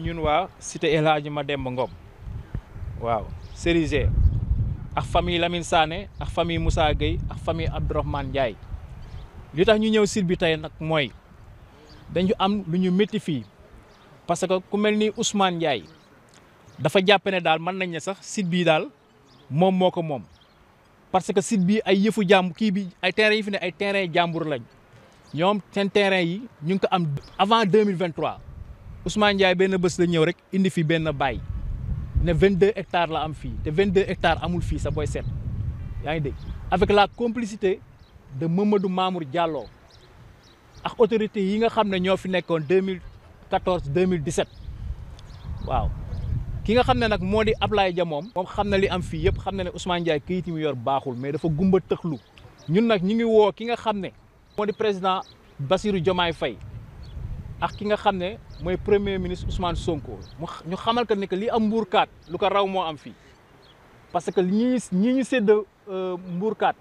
ñun waa cité El Hadji Mademba Ngom waaw Cerisé ak famille Lamine Sané ak famille musaa Gueye ak famille Abdourahmane Ndiaye li tax ñu ñëw site bi tey nag mooy dañu am lu ñu métti fii parce que ku mel ni Ousmane Ndiaye dafa jàpp ne daal mën nañ ne sax site bii daal moom moo ko moom parce que site bii ay yëfu jàmbur kii bi ay terrain yi fi ne ay terrain jàmbur lañ ñoom seen terrain yi ñu ngi ko am avant 2023 Ousmane Ndiaye benn bës la ñëw rek indi fi benn baay ne 22 hectares la am fii te 22 hectares amul fii sa booy seet yaa ngi dégg avec la complicité de Mamadou Mamour Diallo ak autorités yi nga xam ne ñoo fi nekkoon 2014 2017 waaw ki nga xam ne nag moo di Ablaye jamoom moom. xam na li am fii yëpp xam na ne Ousmane Ndiaye kayit yi mu yor baaxul mais dafa gumba tëxlu ñun nag ñu ngi woo ki nga xam ne. moo di président Bassirou Diomaye fay ak ki nga xam ne mooy premier ministre Ousmane Sonko mu ñu xamal que ne que li am mbuurkaat lu ko raw moo am fii parce que ñi ñi ñu sédd euh, kaat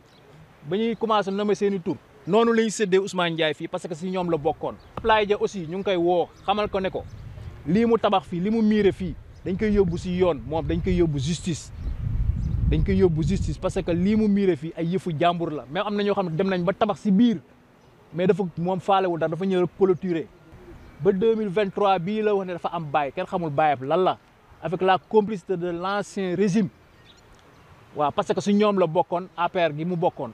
ba ñuy commencé nommer seen i tur noonu la ñu séddee Ousmane Ndiaye fii parce que si ñoom la bokkoon. Ablaye Dia aussi ñu ngi koy woo xamal ko ne ko lii mu tabax fii li mu miire fii dañ koy yóbbu si yoon moom dañ koy yóbbu justice. dañ koy yóbbu justice parce que lii mu miire fii ay yëfu jàmbur la mais am na ñoo xam ne dem nañ ba tabax si biir mais dafa moom faalewul dara dafa ñëw clôturer. ba 2023 bii la wax ne dafa am baay kenn xamul baayam lan la avec la complicité de l'ancien régime Wa parce que su ñoom la bokkoon APR gi mu bokkoon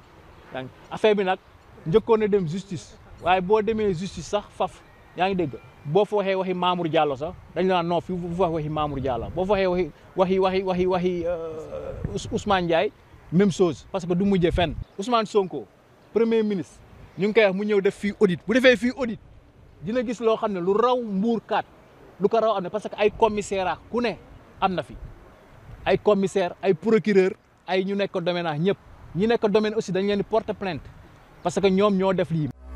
donc affaire bi nag njëkkoon na dem justice waaye boo demee justice sax faf yaa ngi dégg boo fa waxee waxi Mamour Diallo sax dañ la non fi bu fa waxi Mamour Diallo boo fa waxee waxi wahi wahi waxi euh, Ousmane Ndiaye même chose parce que du mujjee fenn Ousmane Sonko premier ministre ñu ngi koy wax mu ñëw def fii audit bu defee fii audit. dina gis loo xam ne lu raw mbuurkat lu ko raw am ne parce que ay commissaire ku ne am na fi ay commissaire ay procureur ay ñu nekk domaine ñëpp ñu nekk domaine aussi dañ leen di porter plainte parce que ñoom ñoo def lii.